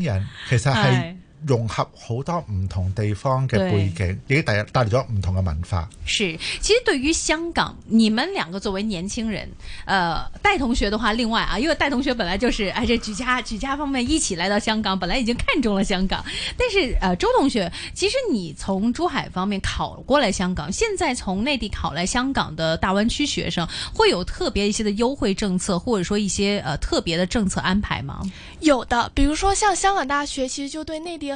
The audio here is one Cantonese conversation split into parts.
其實係。融合好多唔同地方嘅背景，已經帶帶嚟咗唔同嘅文化。是，其實對於香港，你們兩個作為年輕人，呃，戴同學的話，另外啊，因為戴同學本來就是哎、啊，這舉家舉家方面一起來到香港，本來已經看中了香港。但是，呃，周同學，其實你從珠海方面考過來香港，現在從內地考來香港的大灣區學生，會有特別一些的優惠政策，或者說一些呃特別的政策安排嗎？有的，比如說像香港大學，其實就對內地。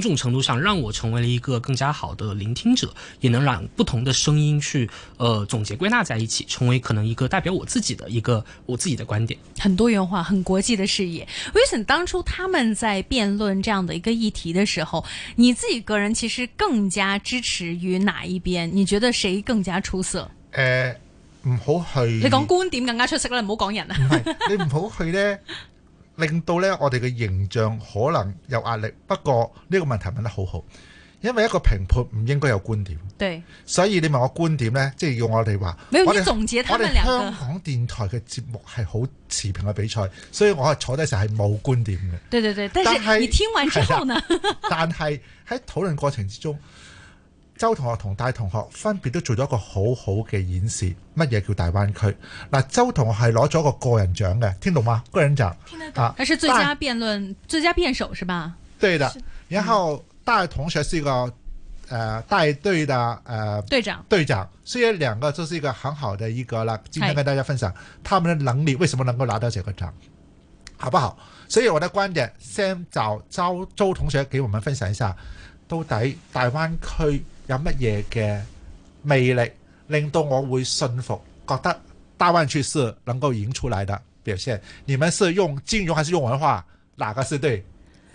某種程度上，讓我成為了一個更加好的聆聽者，也能讓不同的聲音去呃總結歸納在一起，成為可能一個代表我自己的一個我自己的觀點，很多元化、很國際的視野。Wilson 當初他們在辯論這樣的一個議題的時候，你自己個人其實更加支持於哪一邊？你覺得誰更加出色？誒、呃，唔好去，你講觀點更加出色啦，唔好講人啊。唔係，你唔好去呢。 令到咧，我哋嘅形象可能有壓力。不過呢個問題問得好好，因為一個評判唔應該有觀點。對，所以你問我觀點呢，即係要我哋話，你總結佢哋兩個，我哋我哋香港電台嘅節目係好持平嘅比賽，所以我係坐低時係冇觀點嘅。對對對，但係你聽完之後呢？是但係喺討論過程之中。 周同學同戴同學分別都做咗一個好好嘅演示，乜嘢叫大灣區？嗱，周同學係攞咗一個個人獎嘅，聽懂嗎？個人獎聽得懂，啊，他是最佳辯論、最佳辯手是吧？對的，嗯，然後戴同學是一個誒帶、呃、隊的誒、呃、隊長，隊長，所以兩個就是一個很好的一個啦。今天跟大家分享他們的能力，為什麼能夠拿到這個獎，好不好？所以我的觀點，先找周周同學給我們分享一下。到底大灣區有乜嘢嘅魅力，令到我會信服，覺得大灣區是能夠贏出來的表現？你們是用金融還是用文化，哪個是對？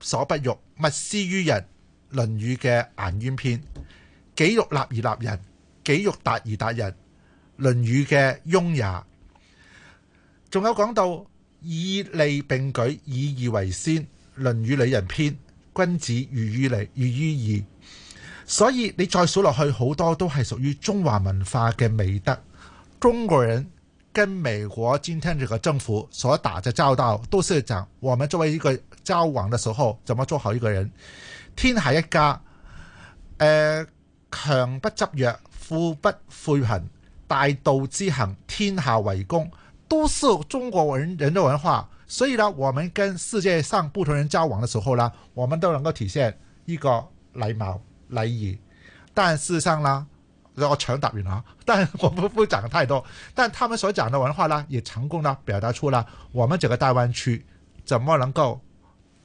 所不欲，勿施於人。《論語》嘅顏淵篇：己欲立而立人，己欲達而達人。《論語》嘅雍也。仲有講到以利並舉，以義為先。《論語》里仁篇：君子喻於利，喻於，於義。所以你再數落去，好多都係屬於中華文化嘅美德。中國人跟美國今天呢個政府所打嘅交道，都是講我們作為一個。交往的時候，怎麼做好一個人？天下一家，誒、呃，強不執弱，富不侮貧，大道之行，天下為公，都是中國文人的文化。所以呢，我們跟世界上不同人交往的時候呢，我們都能夠體現一個禮貌禮儀。但事實上啦，我搶答完啊，但我不會講太多。但他們所講的文化呢，也成功的表達出了我們整個大灣區，怎麼能夠？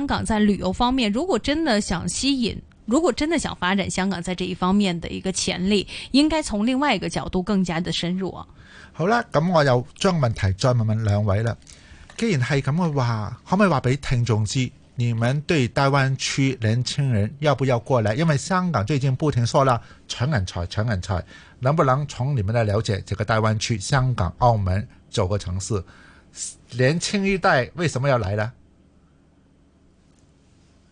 香港在旅遊方面，如果真的想吸引，如果真的想發展香港在這一方面的一個潛力，應該從另外一個角度更加的深入啊。好啦，咁、嗯、我又將問題再問問兩位啦。既然係咁嘅話，可唔可以話俾聽眾知，你們對大灣區年輕人要不要過來？因為香港最近不停說啦，搶人才，搶人才，能不能從你們來了解，這個大灣區、香港、澳門九個城市，年輕一代為什麼要來呢？